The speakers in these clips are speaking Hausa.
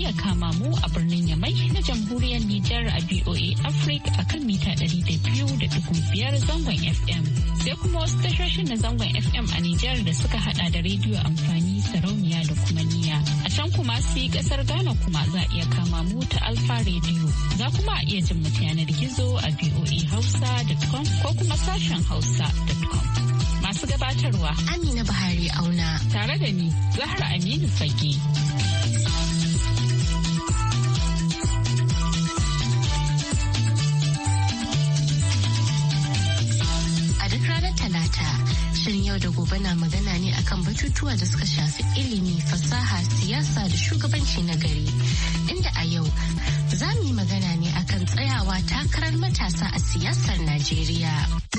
iya kama mu a birnin Yamai na jamhuriyar Nijar a BOA Africa a kan mita 200.5 zangon FM. Sai kuma wasu tashoshin na zangon FM a Nijar da suka hada da rediyo amfani sarauniya da kuma niya. A can kuma su yi kasar Ghana kuma za iya kama mu ta Alfa Radio. Za kuma iya jin mu yanar gizo a BOA Hausa.com ko kuma sashen Hausa.com. masu gabatarwa Amina Buhari Auna. Tare da ni, Zahra Aminu Fage. Shirin yau da gobe na magana ne akan batutuwa da suka shafi ilimi, fasaha, siyasa da shugabanci na gari. Inda a yau za mu yi magana ne akan tsayawa takarar matasa a siyasar Najeriya.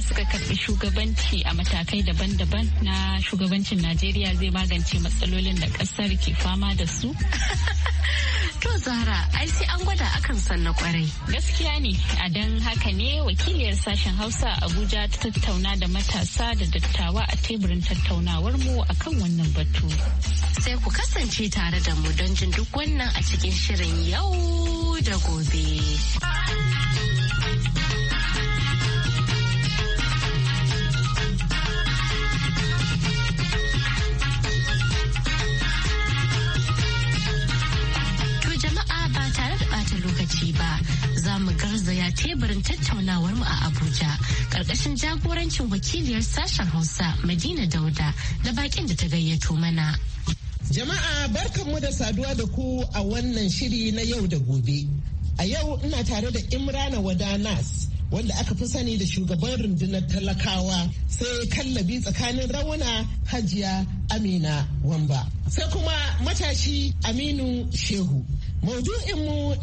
suka karbi shugabanci a matakai daban-daban na shugabancin najeriya zai magance matsalolin da ƙasar ke fama da su To Zara, ai sai an gwada akan sanna kwarai. Gaskiya ne, a don haka ne wakiliyar sashen Hausa Abuja ta tattauna da matasa da dattawa a teburin tattaunawar mu akan wannan batu. Sai ku kasance tare da mu don jin duk wannan a cikin shirin yau da gobe. teburin tattaunawar mu a Abuja karkashin jagorancin wakiliyar sashen Hausa Madina Dauda da bakin da ta gayyato mana. Jama'a barkanmu da saduwa da ku a wannan shiri na yau da gobe. A yau ina tare da Imrana Wadanas wanda aka fi sani da shugaban rundunar talakawa sai kallabi tsakanin rawuna hajiya Amina Wamba. Sai kuma matashi Aminu Shehu. mu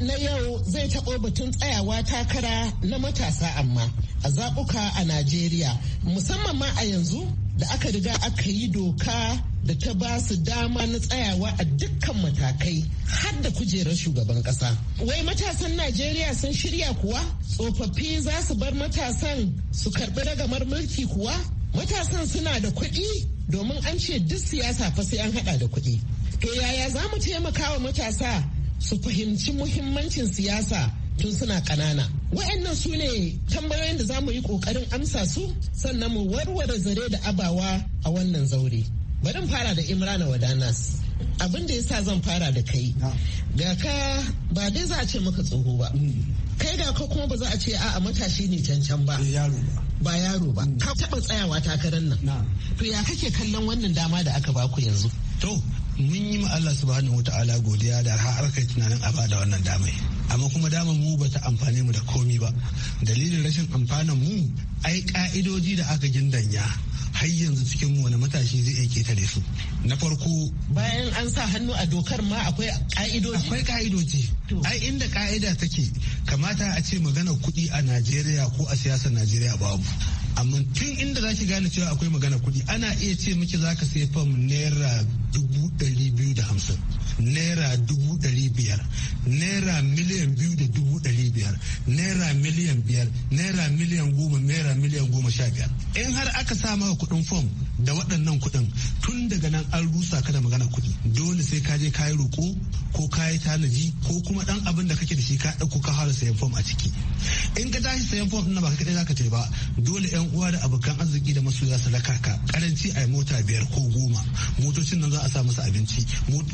na yau zai taɓo batun tsayawa takara na matasa amma a zaɓuka a Najeriya musamman ma a yanzu da aka riga aka yi doka da ta ba su dama na tsayawa a dukkan matakai har da kujerar shugaban ƙasa. Wai matasan Najeriya sun shirya kuwa? Tsofaffi za su bar matasan su karɓi ragamar mulki kuwa? Matasan suna da kuɗi domin an ce duk siyasa fa sai an haɗa da kuɗi. To yaya za mu taimaka wa matasa su fahimci muhimmancin siyasa tun suna ƙanana. Wa'annan su ne tambayoyin da za mu yi ƙoƙarin amsa su sannan mu warware zare da abawa a wannan zaure. Bari fara da Imrana Wadanas. Abin da yasa zan fara da kai. Ga ka ba dai za a ce maka tsoho ba. Mm. Kai ga ka kuma ba za a ce a'a matashi ne cancan ba. Eh, ba yaro ba ka taɓa tsayawa takarar nan to ya kake kallon wannan dama da aka baku yanzu to mun yi ma Allah subhanahu wataala godiya da har aka tunanin a bada wannan damai amma kuma dama mu bata amfane mu da komi ba dalilin rashin amfanin mu ai ka'idoji da aka gindanya har yanzu cikin wani matashi zai iya da su na farko bayan an sa hannu a dokar ma akwai ka'idoji akwai ka'idoji ai inda ka'ida take kamata a ce magana kuɗi a najeriya ko a siyasar najeriya babu amma tun inda za ki gane cewa akwai magana kuɗi ana iya ce miki za ka sai fam naira dubu ɗari biyu da hamsin naira dubu ɗari biyar naira miliyan biyu da dubu ɗari biyar naira miliyan biyar naira miliyan goma naira miliyan goma sha biyar in har aka sa maka kuɗin fom da waɗannan kuɗin tun daga nan an rusa ka da magana kuɗi dole sai ka je kayi roƙo ko kayi tanaji ko kuma ɗan abin da kake da shi ka ɗauko ka fara sayan fom a ciki in ka tashi sayan fom na ba ka kaɗai za ka ce ba dole yan uwa da abokan arziki da masoya su raka ka karanci a mota biyar ko goma motocin nan za a sa masa abinci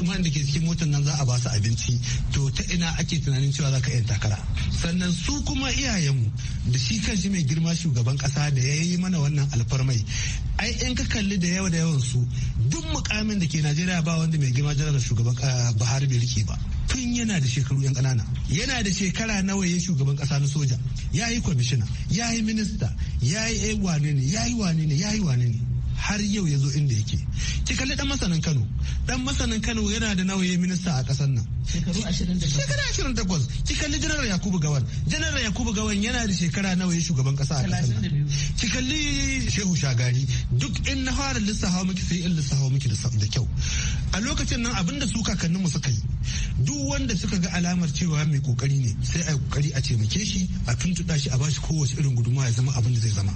man da ke cikin motar nan za a ba su abinci to ta ina ake tunanin cewa za ka yi takara sannan su kuma iyayenmu da shi kan shi mai girma shugaban kasa da ya yi mana wannan alfarmai ai in ka kalli da yawa da yawan su duk mukamin da ke najeriya ba wanda mai girma jarar shugaban ah, buhari bai rike ba tun yana da shekaru yan ƙanana yana da shekara nawa ya shugaban kasa na soja ya yi kwamishina ya yi minista ya yi eh, wane ne ya yi wane ne ya yi wane ne har yau ya zo inda yake ki kalli dan masanin Kano dan masanin Kano yana da nawaye minista a kasar nan shekaru 28 ki kalli janar Yakubu Gawan janar Yakubu Gawan yana da shekara nawaye shugaban kasa a kasar nan ki kalli Shehu Shagari duk in na fara lissafa miki sai in lissafa miki da kyau a lokacin nan abinda su kakannin mu suka yi duk wanda suka ga alamar cewa mai kokari ne sai a yi kokari a taimake shi a tuntuɗa shi a bashi kowace irin guduma ya zama abin da zai zama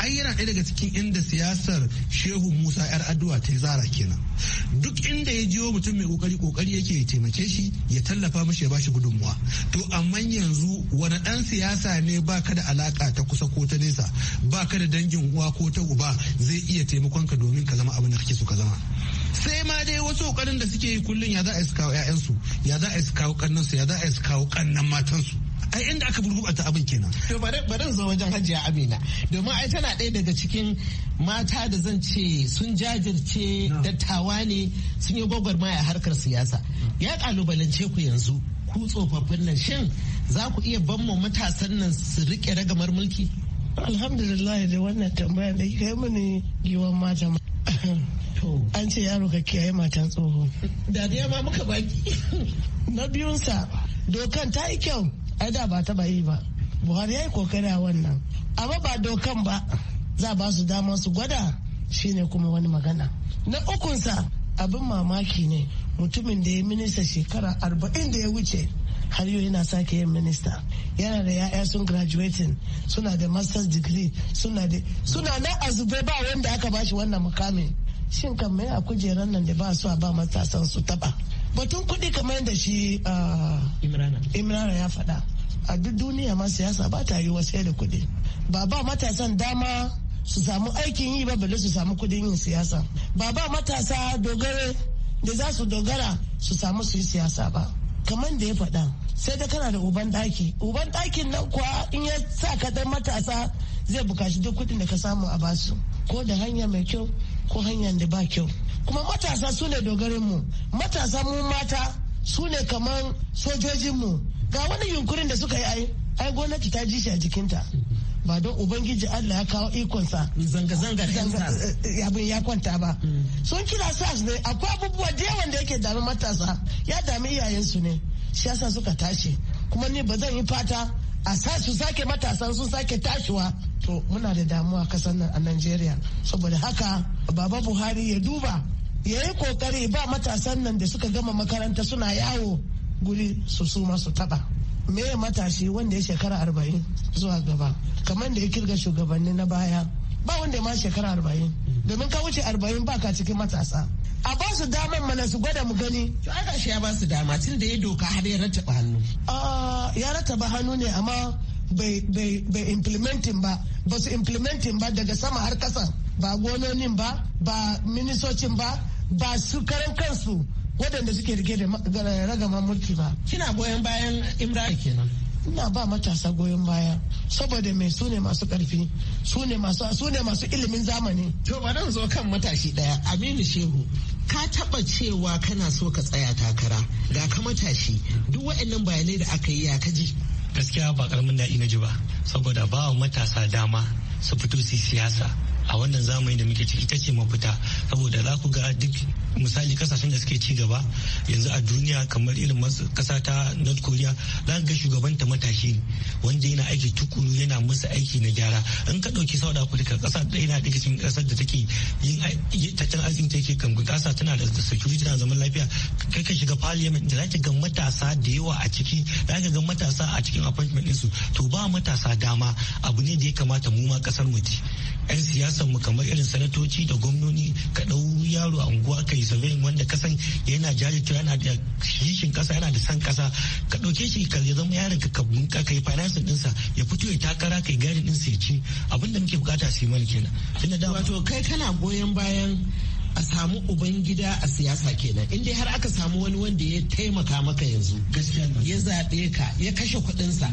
ai yana ɗaya daga cikin inda siyasar shehu musa yar addu'a ta zara kenan duk inda ya jiwo mutum mai kokari kokari yake ya taimake shi ya tallafa mashi ya bashi gudunmuwa to amma yanzu wani dan siyasa ne ba ka da alaka ta kusa ko ta nesa ba ka da dangin uwa ko ta uba zai iya taimakon ka domin ka zama abin da kake so ka zama sai ma dai wasu kokarin da suke yi kullum ya za a kawo ƴaƴansu ya za a kawo kannansu ya za a kawo kannan matansu ai inda aka ta abin kenan to bari zo wajen hajiya amina domin ai tana ɗaya daga cikin mata da zan ce sun jajirce dattawa ne sun yi gwagwarmaya a harkar siyasa ya kalubalance ku yanzu ku tsofaffin nan shin za ku iya ban mu matasan nan su rike ragamar mulki alhamdulillah da wannan tambaya da kai mini giwan mata an ce yaro ka kiyaye matan tsoho da ma muka baki na biyunsa dokan ta yi kyau ai da ba taba yi ba buhari ya yi kokari a wannan amma ba dokan ba za ba su dama su gwada shine kuma wani magana na ukunsa abin mamaki ne mutumin da ya minista shekara arba'in da ya wuce har yau yana sake yin minista yana da ya'ya sun graduating suna da master's degree suna da suna na azube ba wanda aka bashi wannan mukamin shin kan mai a kujerar nan da ba su a ba matasan su taba batun kudi kamar da shi ah, imrana ya faɗa a duk duniya ma siyasa ba ta yi wasu da kudi. ba ba matasan dama su samu aikin yi ba bale su samu kudin yin siyasa ba ba matasa dogare da za su dogara su samu su yi siyasa ba kamar da ya faɗa sai da kana da uban ɗaki uban ɗakin nan kuwa in ya sa ka dan matasa zai bukaci duk kudin da ka samu a basu ko da hanya mai kyau ko hanyar da ba kyau kuma matasa su ne mu matasa mu mata su ne kamar sojojinmu ga wani yunkurin da suka yi ai ai gwamnati ta ji shi a jikinta ba don ubangiji allah ya kawo ikonsa zanga-zanga eh, eh, abin ya kwanta ba mm. sun kira sas ne akwai abubuwa da yawan da yake dami matasa ya dami iyayensu ne shi yasa suka tashi kuma ni ba zan yi fata a sa su sake matasan su sake tashiwa to muna da damuwa kasar nan a Najeriya saboda haka baba Buhari ya duba ya yi kokari ba matasan nan da suka gama makaranta suna yawo guri su suma su taba me matashi wanda ya shekara arba'in zuwa gaba kamar da ya kirga shugabanni na baya ba wanda ya ma shekara arba'in domin ka wuce arba'in baka cikin matasa a ba su damar mana su gwada mu gani to aka gashi ya ba su dama tun da ya doka har ya rattaba hannu ah, ya rattaba hannu ne amma bai implementin ba ba su implementin ba daga sama har kasa ba gononin ba ba minisocin ba ba su karan kansu waɗanda suke rike da ragaman mulki ba kina goyon bayan Imran kenan ina ba matasa goyon baya saboda mai su ne masu karfi su masu ilimin zamani to ba zo kan matashi daya aminu shehu ka taba cewa kana so ka tsaya takara ga ka matashi duk waɗannan bayanai da aka yi ya kaji gaskiya ba karamin daɗi na ji ba saboda ba matasa dama su fito su siyasa a wannan zamani da muke ciki ta ce mafita saboda za ku ga duk misali kasashen da suke ci gaba yanzu a duniya kamar irin kasa ta north korea za ga shugaban ta matashi ne wanda yana aiki tukuru yana musu aiki na gyara in ka ɗauki south africa kasa ɗaya na daga cikin kasar da take yin tattalin arzikin ta yake kan kasa tana da security na zaman lafiya kai ka shiga parliament da za ka ga matasa da yawa a ciki za ka ga matasa a cikin appointment ɗinsu to ba matasa dama abu ne da ya kamata mu ma kasar mu ci 'yan siyasa mu kamar irin sanatoci da gwamnoni ka ɗau yaro a unguwa ka yi wanda wanda kasan yana jajircewa yana da shishin kasa yana da san kasa ka ɗauke shi ka zama yaron ka ka bunka ka yi financing ɗinsa ya fito ya takara ka yi din ɗinsa ya ci abinda muke bukata su yi mana kenan. Wato kai kana goyon bayan a samu uban gida a siyasa kenan in dai har aka samu wani wanda ya taimaka maka yanzu ya zaɓe ka ya kashe kuɗinsa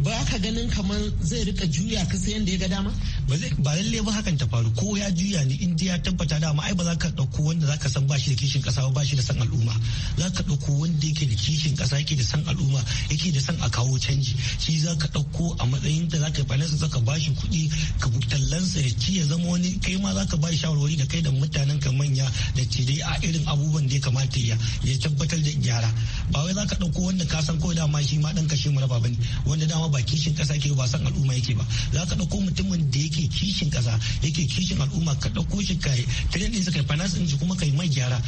ba ka ganin kamar zai rika juya ka sai yadda ya ga dama ba zai ba lalle ba hakan ta faru ko ya juya ne in ya tabbata dama ai ba za ka dauko wanda za ka san bashi da kishin kasa ba bashi da san al'umma za ka dauko wanda yake da kishin kasa yake da san al'umma yake da san a kawo canji shi za ka dauko a matsayin da za ka falansa za ka ba shi kuɗi ka tallansa ya ci ya zama wani kai ma za ka ba shawarwari da kai da mutanen ka manya da ci dai a irin abubuwan da ya kamata ya ya tabbatar da gyara ba wai zaka dauko wanda ka san ko dama shi ma dan kashe mu raba bane wanda dama ba kishin kasa ke ba san al'umma yake ba zaka dauko mutumin da yake kishin kasa yake kishin al'umma ka dauko shi kai training din kai finance din kuma kai mai gyara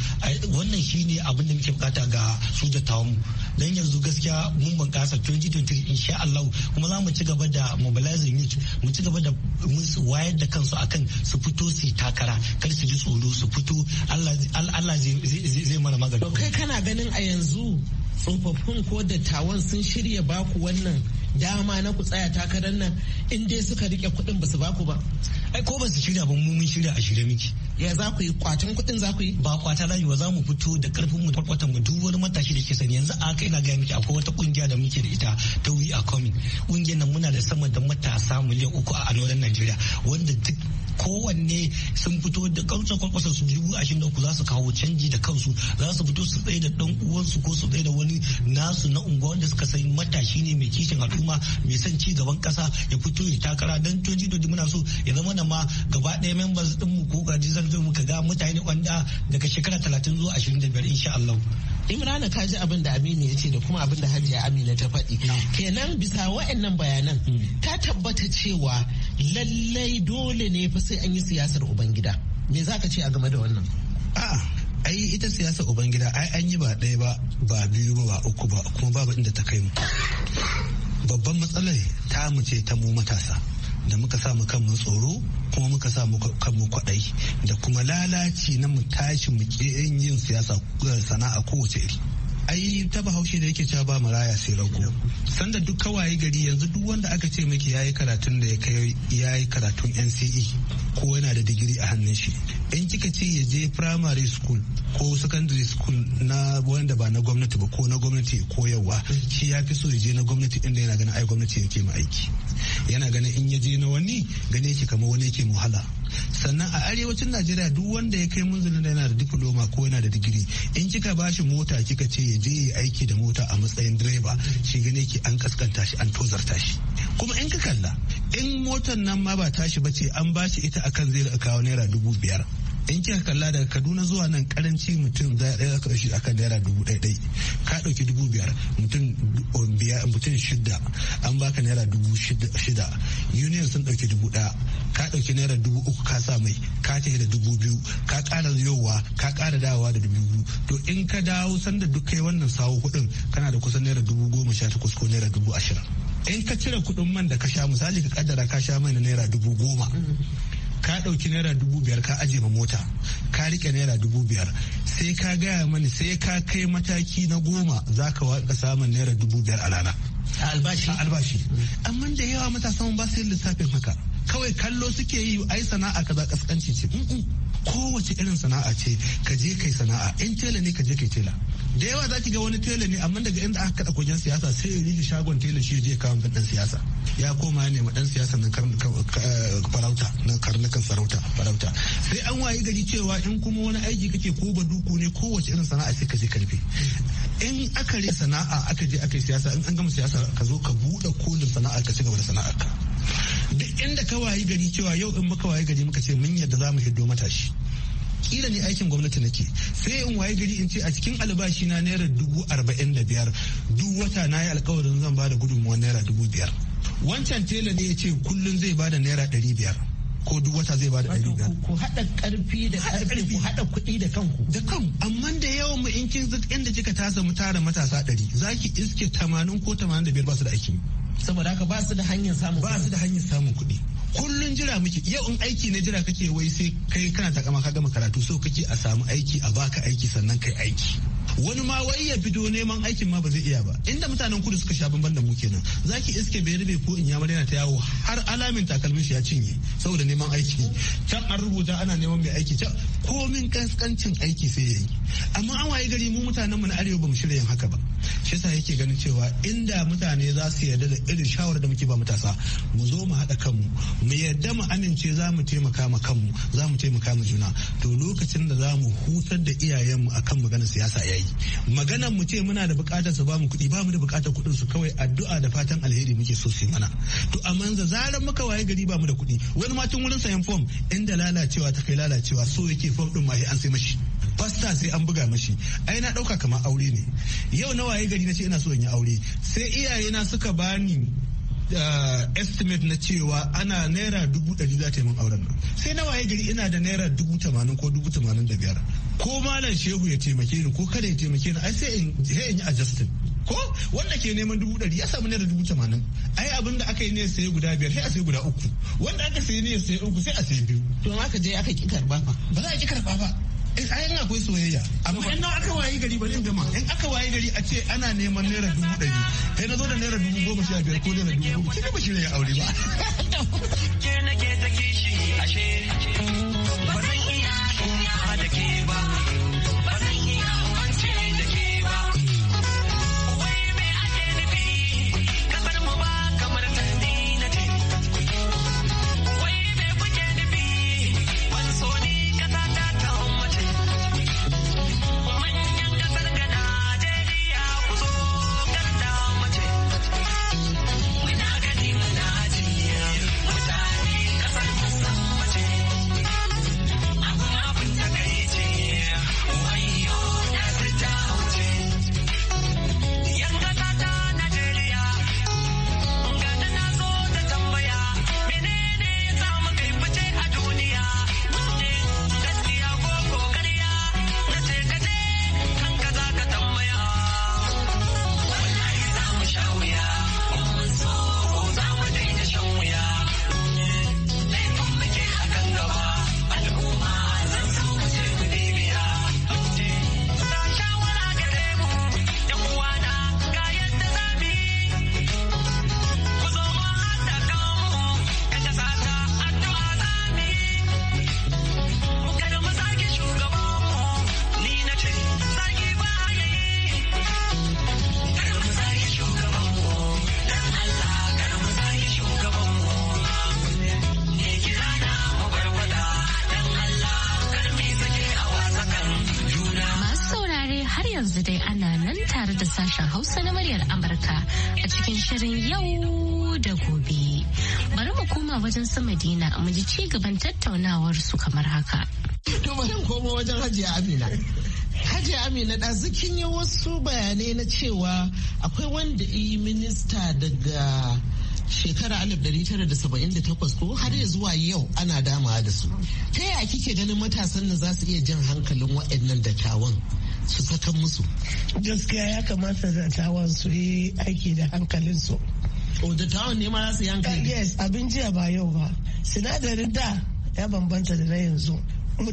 wannan shine abin da muke bukata ga su dattawan mu dan yanzu gaskiya mun bunkasa 2023 insha Allah kuma za mu ci gaba da mobilizing youth mu ci gaba da wayar da kansu akan su fito su takara kar su ji tsoro su fito Allah Allah zai mana magana kai kana ganin a yanzu tsofaffin ko dattawan sun shirya baku wannan dama na ku tsaya takarar nan in dai suka rike kuɗin ba su ba ku ba ai ko ba su shirya ba mu mun shirya a shirye miki ya za ku yi kwacin kuɗin za ku yi ba kwata layi ba za mu fito da karfin mu farkwatan mu duk wani matashi da ke sani yanzu a kai na ga miki akwai wata kungiya da muke da ita ta wi a coming kungiyar nan muna da sama da matasa miliyan uku a anoran Najeriya wanda duk kowanne sun fito da kansu kwakwasa su dubu ashirin da uku za su kawo canji da kansu za su fito su tsaye da dan uwansu ko su tsaye da wani nasu na unguwa wanda suka sai matashi ne mai kishin al'umma girma mai son ci gaban kasa ya fito ya takara dan 2020 muna so ya zama na ma gaba ɗaya members din mu ko gaji zan zo muka ga mutane wanda daga shekara 30 zuwa 25 insha Allah Imrana ka ji abin da Aminu ya ce da kuma abin da Hajiya Amina ta faɗi. Kenan bisa wa'annan bayanan hmm. ta tabbata cewa lallai dole ne fa sai an yi siyasar Ubangida. Me za ka ce a game da wannan? ai ita siyasar ubangida ai an yi ba ɗaya ba ba biyu ba ba uku ba kuma babu inda ta kai mu babban matsalar ta mu ce ta mu matasa da muka sa mu kanmu tsoro kuma muka sa mu kanmu kwaɗayi da kuma lalaci na mu tashi mu yin siyasa eh, sana'a kowace iri ai ta bahaushe da yake cewa ba raya sai rago sanda duk kawaye gari yanzu duk wanda aka ce miki yayi karatun da ya kai yayi karatun NCE ko yana da digiri a hannun shi in kika ce ya je primary school ko secondary school na wanda ba na gwamnati ba ko na gwamnati ko yawa shi ya fi so ya je na gwamnati inda yana ganin ai gwamnati yake ma aiki yana ganin in ya je na wani gane yake kamar wani yake muhala sannan a arewacin najeriya duk wanda ya kai munzulin da yana da diploma ko yana da digiri in kika ba shi mota kika ce ya je ya aiki da mota a matsayin direba shi gane ki an kaskanta shi an tozarta shi kuma in ka kalla in motar nan ma ba tashi ba ce an ba shi ita akan zai kawo naira dubu biyar in kika kalla daga kaduna zuwa nan karanci mutum za a ɗaya shi kan naira dubu ɗaya ɗai ka ɗauki dubu biyar mutum um, shida an baka naira dubu shida union sun ɗauki dubu ɗaya ka ɗauki naira dubu uku ka sa mai ka tafi da dubu biyu ka ƙara yowa ka ƙara dawowa da dubu biyu to in ka dawo sanda duk kai wannan sawo kuɗin kana da kusan naira dubu goma sha takwas ko naira dubu ashirin in ka cire kuɗin man da ka sha misali ka kaddara ka sha mai na naira dubu goma ka ɗauki naira dubu biyar ka aje ma mota ka rike naira dubu biyar sai ka gaya mani sai ka kai mataki na goma za ka waka samun naira dubu biyar a rana albashi albashi amma da yawa matasan ba su yin lissafin haka kawai kallo suke yi ai sana'a kaza kaskanci ce kowace irin sana'a ce ka je kai sana'a in tela ne ka je kai tela da yawa za ki ga wani tela ne amma daga inda aka kada kogin siyasa sai ya rike shagon tela shi je kawo ga dan siyasa ya koma ne ma dan siyasa nan eh, farauta na karnukan sarauta farauta sai an waye gari cewa in kuma wani aiki kake ko baduku ne kowace irin sana'a sai ka je karfe in aka re sana'a aka je aka yi siyasa in an gama siyasa ka zo ka buɗe kolin sana'a ka ci gaba da sana'a duk inda ka wayi gari cewa yau in muka wayi gari muka ce mun yadda za mu hiddo matashi kila ne aikin gwamnati nake sai in waye gari in ce a cikin albashi na naira dubu arba'in da biyar duk wata na yi alkawarin zan ba da gudunmuwa naira dubu biyar wancan tela ne ya ce kullum zai ba da naira ɗari biyar ko duk wata zai bada ɗari biyar. Ku haɗa ƙarfi da ƙarfi ku haɗa kuɗi da kanku. Da kan amma da yawan mu in kin inda kika tasa mu tara matasa ɗari za ki iske tamanin ko tamanin da biyar ba su da aiki. saboda haka ba su da hanyar samun ba su da hanyar samun kuɗi kullun jira muke yau in aiki na jira kake wai sai kai kana takama ka gama karatu so kake a samu aiki a baka aiki sannan kai aiki wani ma wai ya fito neman aikin ma ba zai iya ba inda mutanen kudu suka sha bamban da mu kenan zaki iske bai rube ko in yamar yana ta yawo har alamin takalmin shi ya cinye saboda neman aiki can an rubuta ana neman mai aiki can komin kaskancin aiki sai yayi amma an waye gari mu mutanen mu na arewa bamu shirya yin haka ba shi yasa yake ganin cewa inda mutane za su yarda da irin shawarar da muke ba matasa mu zo mu haɗa kanmu mu yarda mu amince za mu taimaka ma kanmu za mu taimaka ma juna to lokacin da za mu hutar da iyayenmu akan maganar siyasa yi maganar mu ce muna da bukatar su bamu kuɗi bamu da bukatar kuɗin su kawai addu'a da fatan alheri muke so su mana to amma yanzu zarar muka waye gari bamu da kuɗi wani ma tun wurin sayan fom inda lalacewa ta kai lalacewa so yake fom din ma an sai mashi fasta sai an buga mashi ai na dauka kamar aure ne yau na waye gari na ce ina so in yi aure sai iyayena suka bani estimate na cewa ana naira dubu ɗari za ta yi min auren nan sai na waye gari ina da naira dubu tamanin ko dubu tamanin da biyar ko malam shehu ya taimake ni ko kada ya taimake ni ai sai in yi adjusting ko wanda ke neman dubu ɗari ya samu naira dubu tamanin ai abin da aka yi ne sai guda biyar sai a sai guda uku wanda aka sayi ne sai uku sai a sai biyu to aka je aka ki karba ba ba za a ki karba ba ayan akwai soyayya amma in aka waye gari gama in aka waye gari a ce ana neman naira dubu ɗari kai na zo da naira dubu goma sha biyar ko naira dubu goma ba shirya aure ba wajen sama madina mu ji ci gaban tattaunawar su kamar haka. To bari komo wajen Hajiya Amina. Hajiya Amina da zikin yi wasu bayanai na cewa akwai wanda yi minista daga shekara 1978 ko har ya zuwa yau ana dama da su. Ta yaya kike ganin matasan da za su iya jan hankalin waɗannan dattawan su saka musu? Gaskiya ya kamata dattawan su yi aiki da hankalinsu. o oh, dattawan ne ma za su yanka eh, yes abin jiya ba yau ba sinadarin da ya bambanta da na yanzu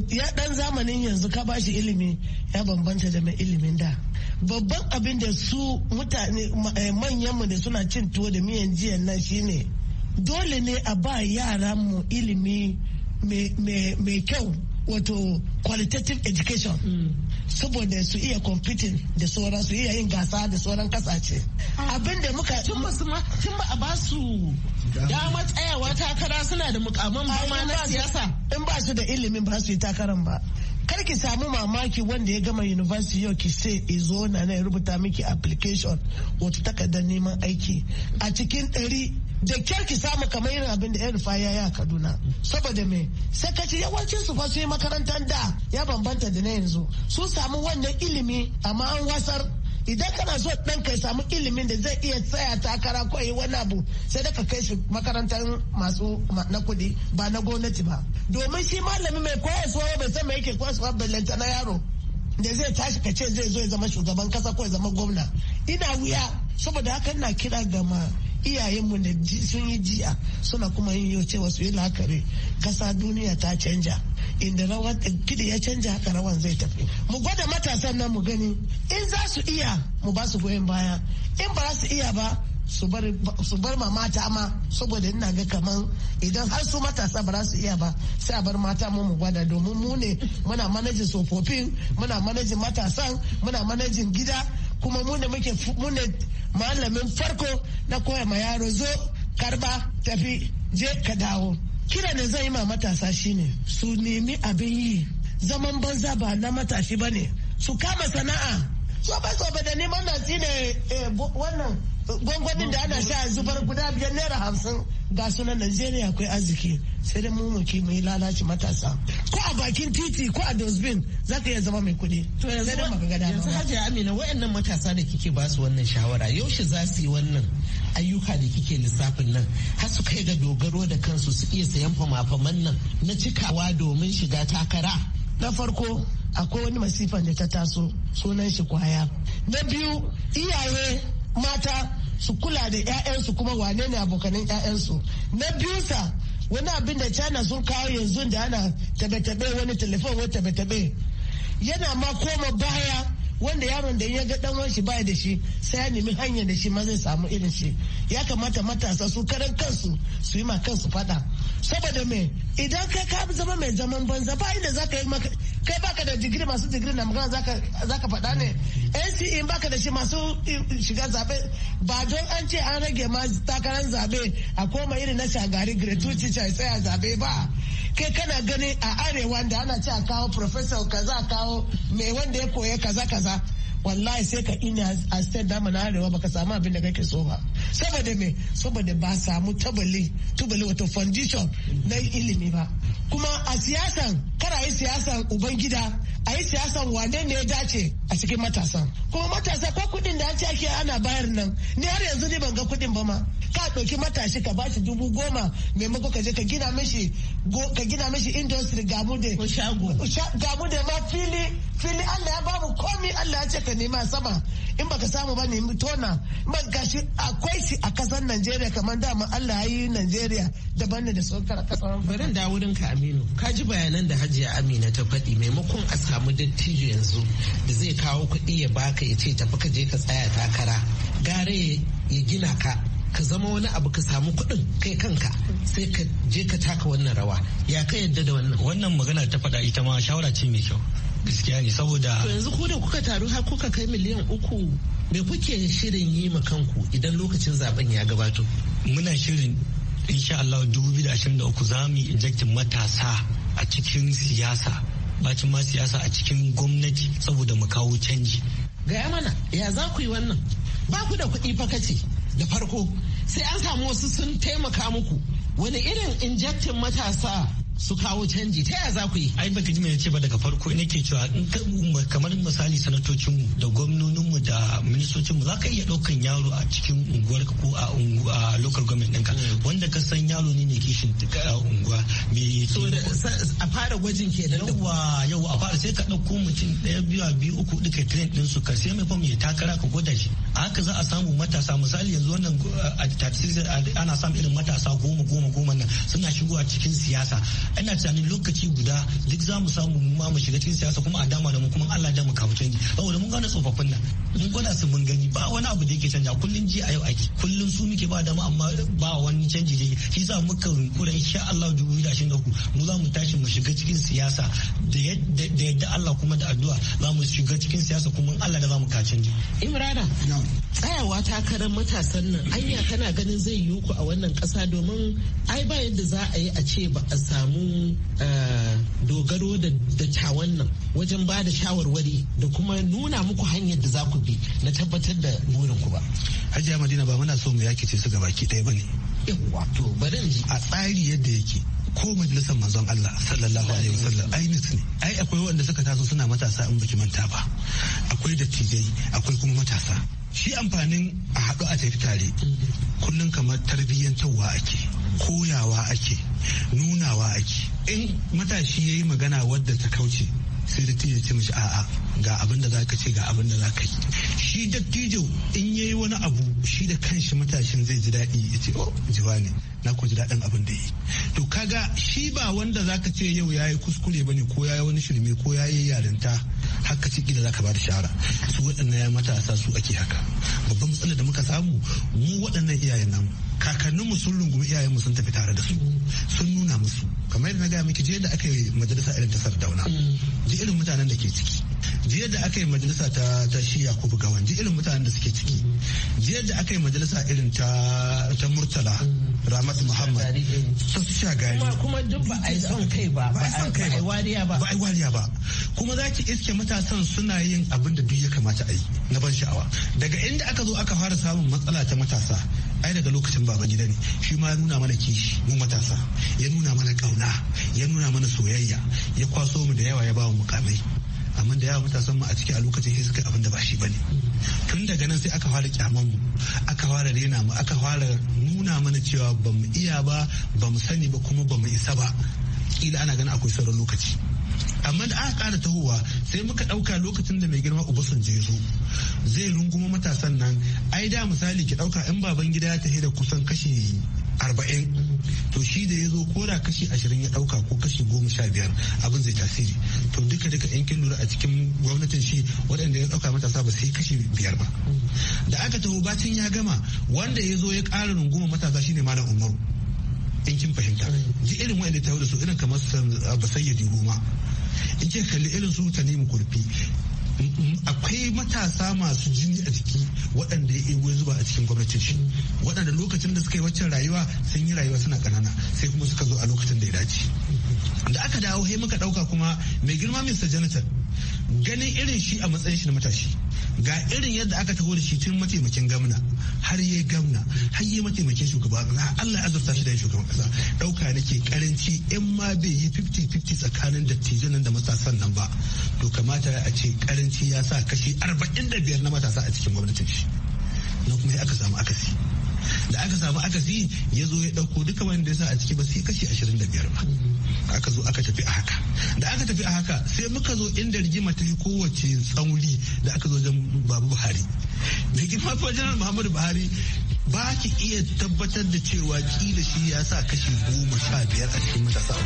ya dan zamanin yanzu ka bashi ilimi ya bambanta da mai ilimin da babban abin da su mutane eh, manyanmu da suna cin tuwo da miyan jiya nan shine dole ne a ba yaranmu ilimi mai kyau wato qualitative education hmm. saboda su iya competing da sauran su iya yin gasa da sauran kasashe abin da muka tun ba su tun ba a ba su dama tsayawa takara suna da mukamman ba na siyasa in ba su da ilimin ba su yi takaran ba kar ki samu mamaki wanda ya gama university yau ki ce izo na na rubuta miki application wato takardar neman aiki a cikin ɗari da kyar ki samu kamar irin abin da yan rufa ya yi a kaduna saboda me sakaci yawancin su fa su yi makarantar da ya bambanta da na yanzu su samu wannan ilimi amma an wasar idan kana so dan kai samu ilimin da zai iya tsaya takara ko yi wani abu sai da ka kai shi makarantar masu na kuɗi ba na gwamnati ba domin shi malami mai koyaswa bai san me yake koyaswa balanta na yaro da zai tashi ka ce zai zo ya zama shugaban kasa ko ya zama gwamna ina wuya saboda haka na kira gama iyayenmu da sun yi jiya suna kuma yin yau cewa su yi la'akari kasa duniya ta canja inda rawar gida ya canja haka rawan zai tafi mu gwada matasan nan mu gani in za su iya mu ba su goyon baya in ba su iya ba su bar ma mata ma saboda ina ga kaman idan har su matasa ba su iya ba sai a bar mata mu mu gwada domin mu ne muna manajin tsofaffin muna manajin matasan muna manajin gida kuma mu da muke mu ne malamin farko na koya ma yaro zo karba tafi je ka dawo kira da zan yi ma matasa shine su nemi abin yi zaman banza ba na matashi ba ne su kama sana'a tsobe-tsobe da neman na ne eh, wannan gwangwanin da ana sha zubar guda biyar naira hamsin ga sunan najeriya akwai arziki sai dai mu muke mai lalace matasa ko a bakin titi ko a dosbin za ka iya zama mai kuɗi to yanzu yanzu hajiya amina wayannan matasa da kike ba su wannan shawara yaushe za su yi wannan ayyuka da kike lissafin nan har su kai ga dogaro da kansu su iya sayan fama-faman nan na cikawa domin shiga takara na farko akwai wani masifa da ta taso sunan shi kwaya na biyu iyaye mata su kula da 'ya'yansu kuma wane ne abokanin 'ya'yansu na biyusa wani abin da china sun kawo yanzu da ana tabe-tabe wani telefon wani tabe-tabe yana ma koma baya wanda yaron da ya ga dan shi baya da shi sai ya nemi hanyar da shi ma zai samu irin shi ya kamata matasa su karan kansu su yi ma kansu fada saboda me idan kai ka zama mai zaman banza ba inda zaka yi maka kai baka da digiri masu digiri na magana zaka zaka fada ne NCE in baka da shi masu shiga zabe ba don an ce an rage ma takarar zabe a koma irin na shagari gratuity sai a zabe ba kai kana gani a arewa da ana ce a kawo professor kaza kawo mai wanda ya koya kaza kaza wallahi sai ka ina a dama na mana arewa baka samu abin da kake so ba saboda me saboda ba samu tabali tubali wato foundation na ilimi ba kuma a siyasan kara yi siyasan ubangida a yi siyasan wane ne ya dace a cikin matasan kuma matasa ko da ce ake ana bayar nan ni har yanzu ne ban ga kuɗin ba ma ka ɗauki matashi ka bashi dubu goma maimako ka je ka gina mishi ka gina mishi industry gamu da gamu da ma fili fili Allah ya babu komi Allah ya ce ka nema sama in baka samu ba nemi tona ban gashi akwai shi a kasar Najeriya kamar dama Allah ya yi Najeriya daban ne da kasar barin da wurin ka Aminu ka ji bayanan da Hajiya Amina ta faɗi maimakon a samu dattijo yanzu da zai kawo kuɗi ya baka ya ce tafi ka je ka tsaya takara gare ya gina ka ka zama wani abu ka samu kuɗin kai kanka sai ka je ka taka wannan rawa ya ka yadda da wannan wannan magana ta faɗa ita ma shawara ce mai kyau gaskiya ne saboda to yanzu ko da kuka taru har kuka kai miliyan uku me kuke shirin yi ma kanku idan lokacin zaben ya gabato muna shirin insha Allah 2023 za mu injectin matasa a cikin siyasa bacin ma siyasa a cikin gwamnati saboda mu kawo canji gaya mana ya za ku yi wannan ba ku da kuɗi fakaci da farko sai an samu wasu sun taimaka muku wani irin injectin matasa su kawo canji ta yaya za ku yi ai baka ji me ce ba daga farko ke cewa kamar misali sanatocin mu da gwamnonin mu da ministocin mu ka iya daukan yaro a cikin unguwar ko a unguwa local government ɗinka mm. wanda ka san yaro ne ne kishin unguwa me a fara gwajin ke da yawa yawa a fara sai ka dauko mutum ɗaya biyu a biyu uku duka train din su ka sai mai fam ya takara ka gwada shi a haka za a samu matasa misali yanzu wannan a ana samun irin matasa goma goma goma nan suna shigo a cikin siyasa ina tunanin lokaci guda duk za mu samu mu ma mu shiga cikin siyasa kuma a dama da mu kuma Allah da mu kawo canji saboda mun gane tsofaffin nan mun gwada su mun gani ba wani abu da yake canja kullun ji a yau ake kullun su muke ba dama amma ba wani canji da shi sa muka rinkura insha Allah dubu da ashirin da mu za mu tashi mu shiga cikin siyasa da yadda Allah kuma da addu'a za mu shiga cikin siyasa kuma Allah da za mu ka canji. Imrana tsayawa takarar matasan nan anya tana ganin zai yiwu ku a wannan kasa domin ai ba yadda za a yi a ce ba a samu samu uh, dogaro da dattawan nan wajen ba da shawarwari da kuma nuna muku hanyar da za ku bi na tabbatar da burinku ba. Hajiya Madina ba muna so mu yaki ce su gabaki ɗaya ba ne. Wato bari a tsari yadda yake ko majalisar manzon Allah sallallahu alaihi wasallam ai ne ai akwai wanda suka taso suna matasa in baki manta ba akwai dattijai akwai kuma matasa shi amfanin a haɗu a tafi tare mm-hmm. kullum kamar tarbiyyantarwa ake koyawa ake nunawa ake in matashi ya yi magana wadda ta kauce sai da ya ce mishi a'a ga abin da za ka ce ga abin za ka yi shi dattijo in ya yi wani abu shi da kanshi matashin zai ji daɗi ya ce oh jiwa ne na ku ji daɗin abin da yi to kaga shi ba wanda za ka ce yau ya yi kuskure ba ne ko ya yi wani shirme ko ya yi yarinta haka ce da za ka ba da shahara su waɗannan matasa su ake haka babban matsalar da muka samu mu waɗannan iyayen namu mu sun rungumi iyayenmu sun tafi tare da su sun nuna musu kamar yadda na gaya miki je da aka yi majalisa irin ta sardauna ji mm. irin mutanen da ke ciki jiya da aka yi majalisa ta ta shi yakubu gawan ji irin mutanen da suke ciki jiya da aka yi majalisa irin ta ta murtala ramat muhammad ta su sha gari kuma duk ba a yi son kai ba ba a yi wariya ba ba a yi wariya ba kuma za ki iske matasan suna yin abin da duk ya kamata a yi na ban sha'awa daga inda aka zo aka fara samun matsala ta matasa ai daga lokacin baba gida ne shi ma ya nuna mana kishi mu matasa ya nuna mana kauna ya nuna mana soyayya ya kwaso mu da yawa ya ba mu mukamai amma da yawa matasan mu a ciki a lokacin sai suka abin da ba shi bane tun daga nan sai aka fara kyaman mu aka fara rena mu aka fara nuna mana cewa ba mu iya ba ba mu sani ba kuma ba mu isa ba kila ana gani akwai sauran lokaci amma da aka kara tahowa sai muka dauka lokacin da mai girma obasanjo ya zo zai runguma matasan nan ai da misali ki dauka in baban gida ya tafi da kusan kashi arba'in to shi da ya zo ko da kashi ashirin ya dauka ko kashi goma sha biyar abin zai tasiri to duka duka in kin lura a cikin gwamnatin shi waɗanda ya dauka matasa ba sai kashi biyar ba da aka taho bacin ya gama wanda ya zo ya ƙara runguma matasa shine malam umaru in kin fahimta ji irin wa'anda ta da su irin kamar basayya goma in ke kalli irin su nemi kurfi akwai matasa masu jini a jiki waɗanda ya ego zuba a cikin gwamnatin shi waɗanda lokacin da suka yi waccan rayuwa sun yi rayuwa suna kanana sai kuma suka zo a lokacin da ya dace da aka dawo sai muka ɗauka kuma mai girma mista jonathan ganin irin shi a matsayin shi na matashi ga irin yadda aka taho da shi tun mataimakin gamna har yi gamna har yi mataimakin shugaba na Allah azurta shi da shugaban kasa dauka nake karanci in ma bai yi 50-50 tsakanin dattijan nan da matasan nan ba to kamata a ce karanci ya sa kashi 45 na matasa a cikin gwamnatin shi na kuma aka samu akasi da aka samu akasi ya zo ya ɗauko duka wanda ya sa a ciki ba sai kashi ashirin da biyar ba aka zo aka tafi a haka da aka tafi a haka sai muka zo inda rigima ta yi kowace tsauri da aka zo wajen babu buhari da girma fajinar muhammadu buhari ba ki iya tabbatar da cewa kila shi ya sa kashi goma sha biyar a cikin matasa a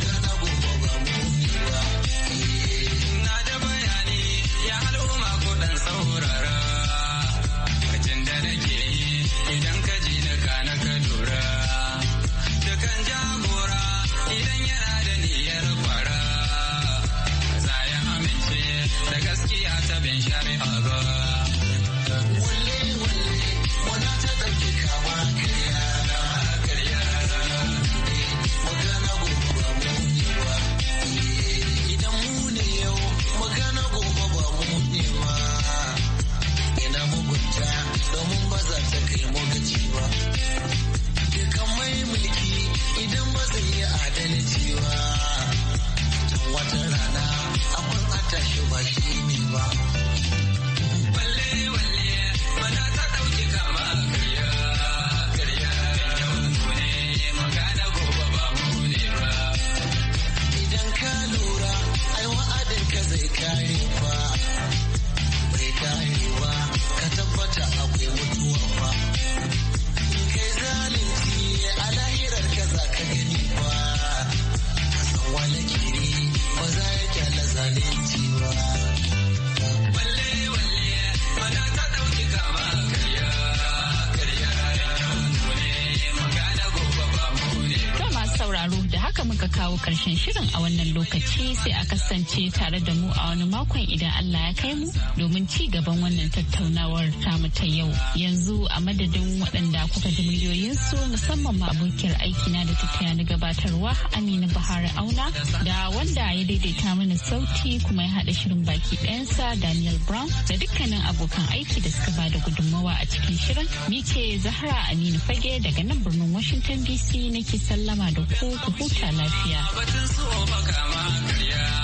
gaskiya Walle walle ta ɗauki kama karya magana gobe Idan mu ne yau ba mu Ina mugunta domin ta kai mu ba. Dukan mai mulki idan ba zai yi adalci ba. wata rana abin a tashi ba shi ne ba. Walle walle mana ta ɗauki kama karya karya yau ne magana gobe ba mu ne Idan ka lura ai wa'adin ka zai kare. karshen shirin a wannan lokaci sai a kasance tare da mu a wani makon idan Allah ya kai mu domin ci gaban wannan tattaunawar ta ta yau. Yanzu a madadin waɗanda kuka ji su musamman ma abokiyar aikina da ta na gabatarwa aminu Bahari Auna da wanda ya daidaita mana sauti kuma ya haɗa shirin baki ɗayansa Daniel Brown da dukkanin abokan aiki da suka bada gudunmawa a cikin shirin. Mike Zahra Aminu Fage daga nan birnin Washington DC nake sallama da ku ku huta lafiya. batun su makama karya